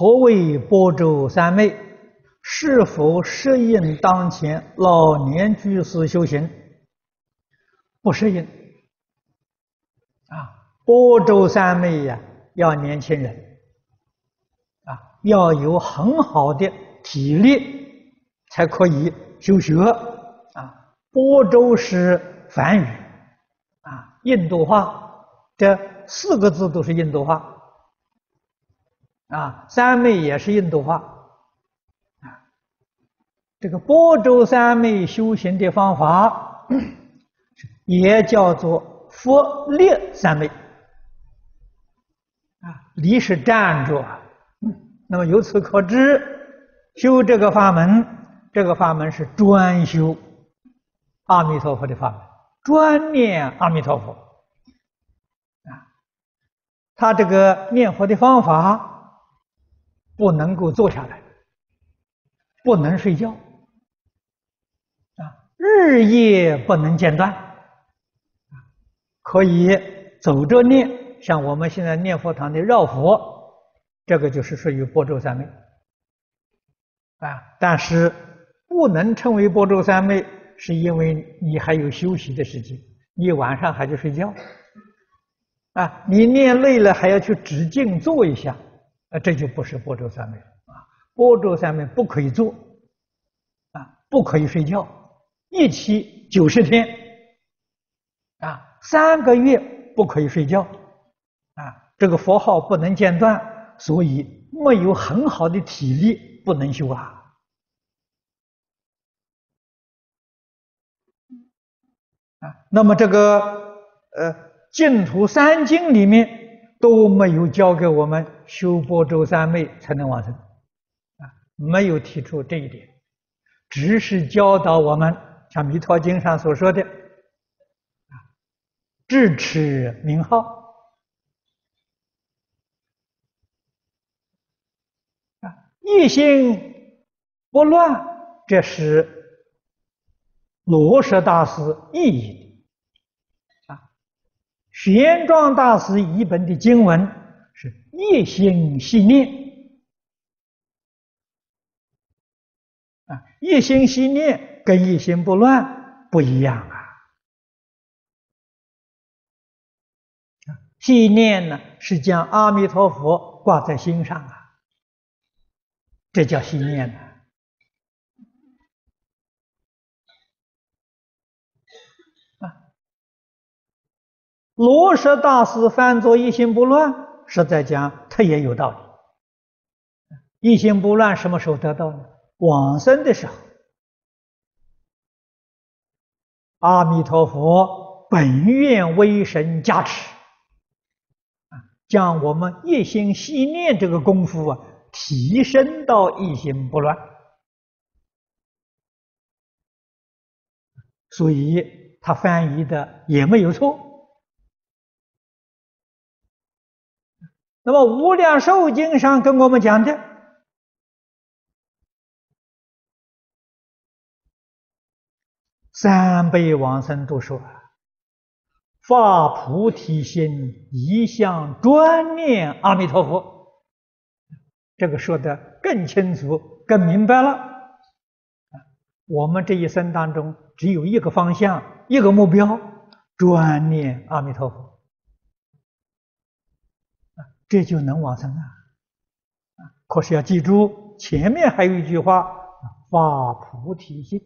何謂般舟三昧？是否適應當前老年居士修行？不適應。啊，般舟三昧呀，啊，要年輕人，啊，要有很好的體力才可以修學。啊，般舟是梵語，啊，印度話，這四個字都是印度話。啊，三昧也是印度話，啊，這個般舟三昧修行的方法，也叫做佛立三昧，啊，立是站着，那麼由此可知，修這個法門，這個法門是專修阿彌陀佛的法門，專念阿彌陀佛，啊，他這個念佛的方法。不能夠坐下來，不能睡覺，啊，日夜不能間斷，可以走着念，像我們現在念佛堂的繞佛，這個就是屬於般舟三昧，啊，但是不能稱為般舟三昧，是因為你還有休息的時間，你晚上還得睡覺，啊，你念累了還要去止靜坐一下。啊，這就不是般舟三昧了啊！般舟三昧不可以坐，啊，不可以睡覺，一期九十天，啊，三個月不可以睡覺，啊，這個佛號不能間斷，所以沒有很好的體力不能修啊。啊，那麼這個呃淨土三經裡面都沒有教給我們。修般舟三昧才能完成，啊，沒有提出這一點，只是教導我們，像《彌陀經》上所說的，啊，執持名號，啊，一心不亂，這是羅什大師意義的，啊，玄奘大師譯本的經文。是一心繫念啊，一心繫念跟一心不亂不一樣啊。繫念呢，是將阿彌陀佛掛在心上啊，這叫繫念呢。啊，羅什大師翻作一心不亂。實在講他也有道理，一心不亂什麼時候得到呢？往生的時候。阿彌陀佛，本願威神加持，將我們一心繫念這個功夫啊，提升到一心不亂。所以他翻譯的也沒有錯。那麼《無量壽經》上跟我們講的，三輩往生都說：“發菩提心，一向專念阿彌陀佛。”這個說得更清楚、更明白了。我們這一生當中只有一個方向、一個目標，專念阿彌陀佛。這就能往生啊！可是要記住，前面還有一句話：發菩提心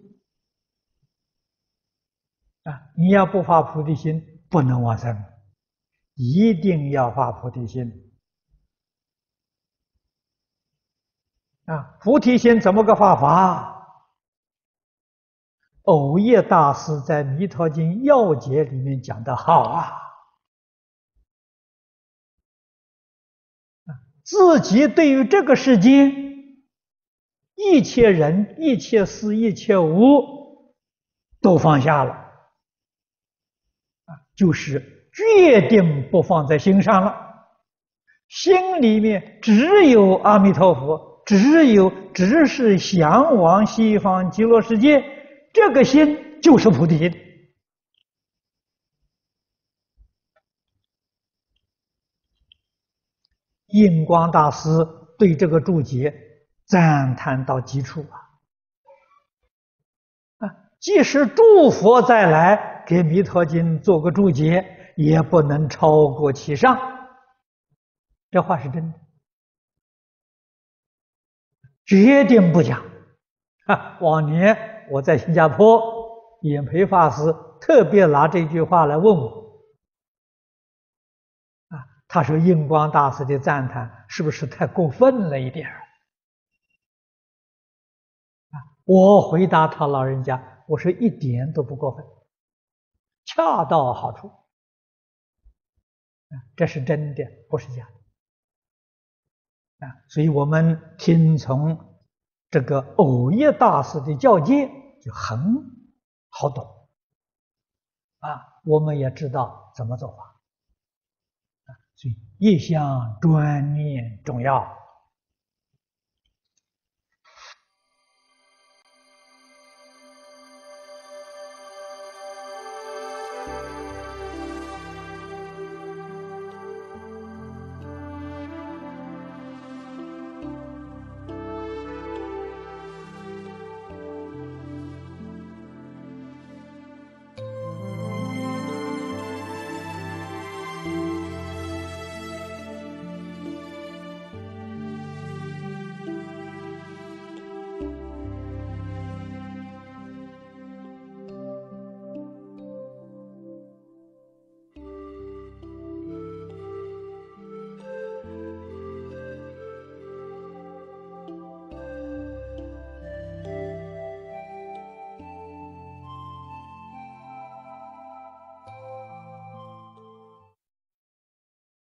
啊！你要不發菩提心，不能往生，一定要發菩提心啊！菩提心怎麼個發法？蕅益大師在《彌陀經要解》裡面講得好啊！自己對於這個世界，一切人、一切事、一切物，都放下了，就是決定不放在心上了，心裡面只有阿彌陀佛，只有只是向往西方極樂世界，這個心就是菩提心。印光大師對這個註解讚歎到極處啊！啊，即使諸佛再來給《彌陀經》做個註解，也不能超過其上。這話是真的，決定不假。啊，往年我在新加坡，演培法師特別拿這句話來問我。他說：“印光大師的讚嘆是不是太過分了一點？”啊，我回答他老人家：“我說一點都不過分，恰到好處。”這是真的，不是假的。啊，所以我們聽從這個蕅益大師的教誡就很好懂。啊，我們也知道怎麼做法。所以，一向專念重要。